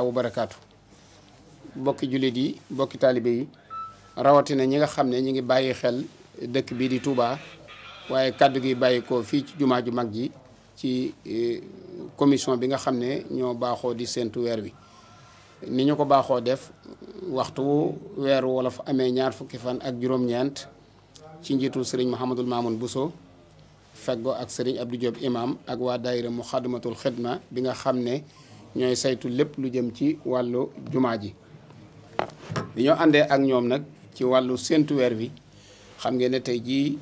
wa barakaatu bokki jullit yi bokki taalibe yi rawatina ñi nga xam ne ñi ngi bàyyi xel dëkk bii di Touba waaye kàddu gi bàyyi ko fii ci jumaa ju mag ji ci e, commission bi nga xam ne ñoo baaxoo di séentu weer wi ni ñu ko baaxoo def waxtu weeru wolof amee ñaar fukki fan ak juróom-ñeent ci njiitu sëriñ Mouhamadul Mamoun Bousso feggo ak sëriñ Abdou Diop imam ak waa daayira Muxaddamatul Xidma bi nga xam ne ñooy saytu lépp lu jëm ci wàllu jumaa ji bi ñoo àndee ak ñoom nag ci wàllu séntu weer bi xam ngeen ne tey jii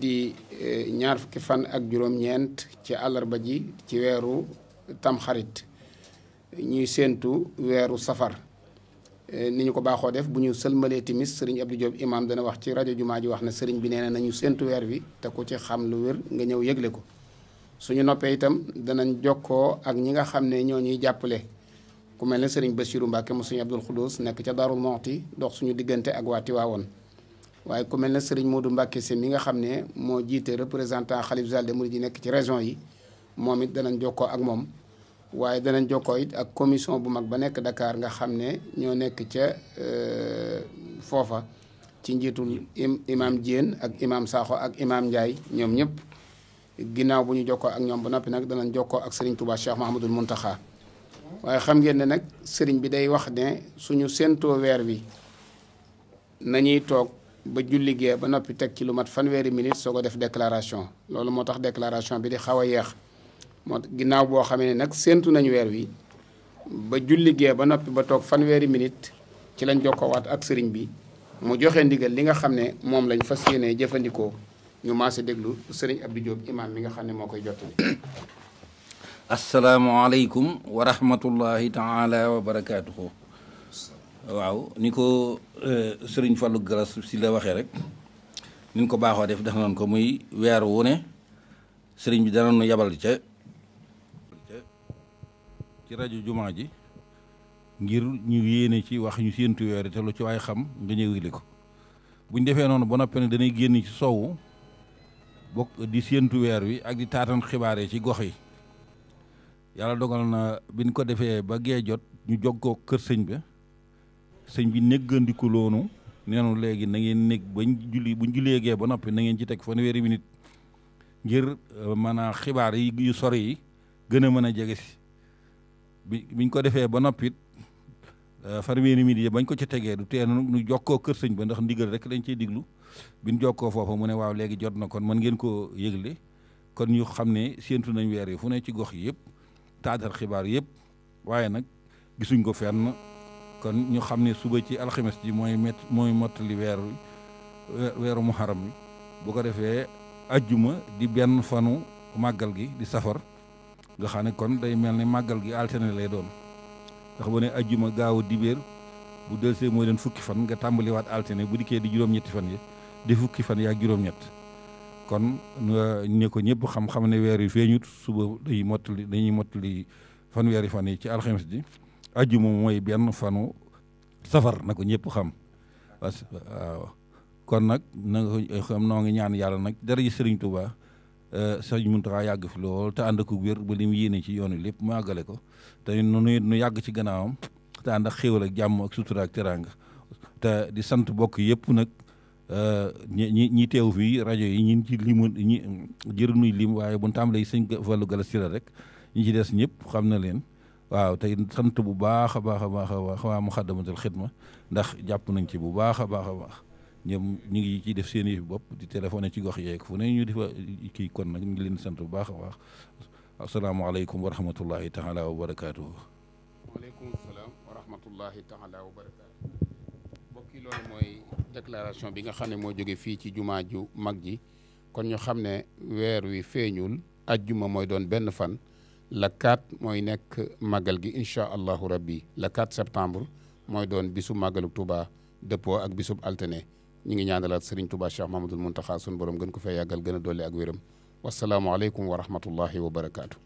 di e, ñaar fukki fan ak juróom-ñeent ci àllarba ji ci weeru tamxarit ñuy séntu weeru safar e, ni ñu ko baaxoo def bu ñu sëlmalee timis sëriñ Abdou Diop imam dana wax ci rajo jumaa ji wax na sëriñ bi nee na nañu séntu weer bi te ku ci xam lu wér nga ñëw yëgle ko suñu noppee itam danañ jokkoo ak ñi nga xam ne ñoo ñuy jàppale ku mel ne sëriñ Bassirou Mbacke mu suñu Abdul Khoudous nekk ca Darou Mouhty dox suñu diggante ak waa Tiwaawoon waaye ku mel ne sëriñ Modou Mbacke si mi nga xam ne moo jiite représentant xalif Zal de Mouride yi nekk ci région yi moom it danañ jokkoo ak moom waaye danañ jokkoo ak commission bu mag ba nekk Dakar nga xam ne ñoo nekk ca euh, foofa ci njiitul imaam Diène ak imaam Sakho ak imaam Ndiaye ñoom ñëpp. ginnaaw bu ñu jokkoo ak ñoom ba noppi nag danañ jokkoo ak Serigne Touba Cheikh Mahamadul Muntaxa waaye xam ngeen ne nag sëriñ bi day wax ne suñu séentoo weer wi nañuy toog ba julli gee ba noppi teg ci lu mat fanweeri minute soo ko def déclaration loolu moo tax déclaration bi di xaw a yeex moo ginnaaw boo xamee ne nag séentu nañ weer wi ba julli gee ba noppi ba toog fanweeri minute ci lañ jokkoowaat ak sëriñ bi mu joxe ndigal li nga xam ne moom lañ fas yéenee jëfandikoo. ñu maase déglu sëriñ Abdou Diop imaam mi nga xam ne moo koy jottali. asalaamualeykum wa rahmatullahi taala wa barakaatuhu. waaw ni ko euh, sëriñ Fallou Galas si la waxee rek. ni ko baaxoo def def nañ ko muy weer wu sëriñ bi danañu yabal ca. ci rajo jumaa ji. ngir ñu yéene ci wax ñu séentu weer te lu ci waay xam nga ñëwili ko buñ defee noonu ba noppi ne danay génn ci soowu bokk di séentu weer wi ak di taatan xibaar yi ci gox yi yàlla dogal na biñ ko defee ba gee jot ñu jog ko kër sëñ bi sëñ bi néggandiku loonu neenu léegi na ngeen nég bañ julli buñ jullee gee ba noppi na ngeen ci teg weeri minute ngir euh, mën a xibaar yi yu sori yi gën a mën a jege si bi biñ ko defee ba noppit far euh, farweeri midi bañ ko ci tegee du tee nu jokkoo kër sëñ ba ndax ndigal rek dañ ciy diglu biñ jokkoo foofa mu ne waaw léegi jot na kon mën ngeen koo yëgle kon ñu xam ne séentu nañ weer yi fu ne ci gox yi yëpp taadar xibaar yëpp waaye nag gisuñ ko fenn kon ñu xam ne suba ci alxames ji mooy mooy mottali weer wi weeru muharam bi bu ko defee ajjuma di benn fanu màggal gi di safar nga xam kon day mel ni màggal gi alterné lay doon ndax bu ne ajjuma gaaw a dibéer bu delsee mooy leen fukki fan nga tàmbaliwaat altine bu dikkee di juróom-ñetti fan yi di fukki fan yaa juróom-ñett kon ne ko ñëpp xam ne weer yi feeñut suba day dañuy mottali fanweeri fan yi ci alxames ji ajjuma mooy benn fanu safar na ko ñëpp xam waaw kon nag na nga noo ngi ñaan yàlla nag dara ji Sëriñ Tuubaa Euh, sëñ Mountakha yàgg fi lool te ànd ak wér ba li mu yéene ci yoon wi lépp mu àggale ko te nu nu yàgg ci gannaawam te ànd ak xéewal ak jàmm ak sutura teraanga te di sant bokk yëpp nag euh, ñi ñi teew fii rajo yi ñin ci limu ñi jëruñuy lim waaye bu ñu tàmbalee sëñ Fallou Galass Sylla rek ñi ci des ñëpp xam na leen waaw tey sant bu baax a baax a baax a baax waa Muxaddamatul Xidma ndax jàpp nañ ci bu baax a baax a baax ñoom ñu ngi ci def seen yëf bopp di téléphoné ci gox yeeg fu ne ñu di fa kii kon nag ñu ngi leen sant bu baax a baax asalaamaaleykum wa rahmatullahi taala wa barakaatu. waaleykum salaam wa mooy déclaration bi nga xam ne moo jóge fii ci jumaa ju mag ji kon ñu xam ne weer wi feeñul juma mooy doon benn fan la 4 mooy nekk màggal gi incha allahu rabbi la 4 septembre mooy doon bisu màggalu Tuuba dëppoo ak bisub altine ñu ngi ñaanalaat Serigne Touba Cheikh Mahamadul Muntaxa sun borom gën ko fay yàggal gën a dolli ak wéram wasalaamualeykum wa rahmatullahi wa barakaatu.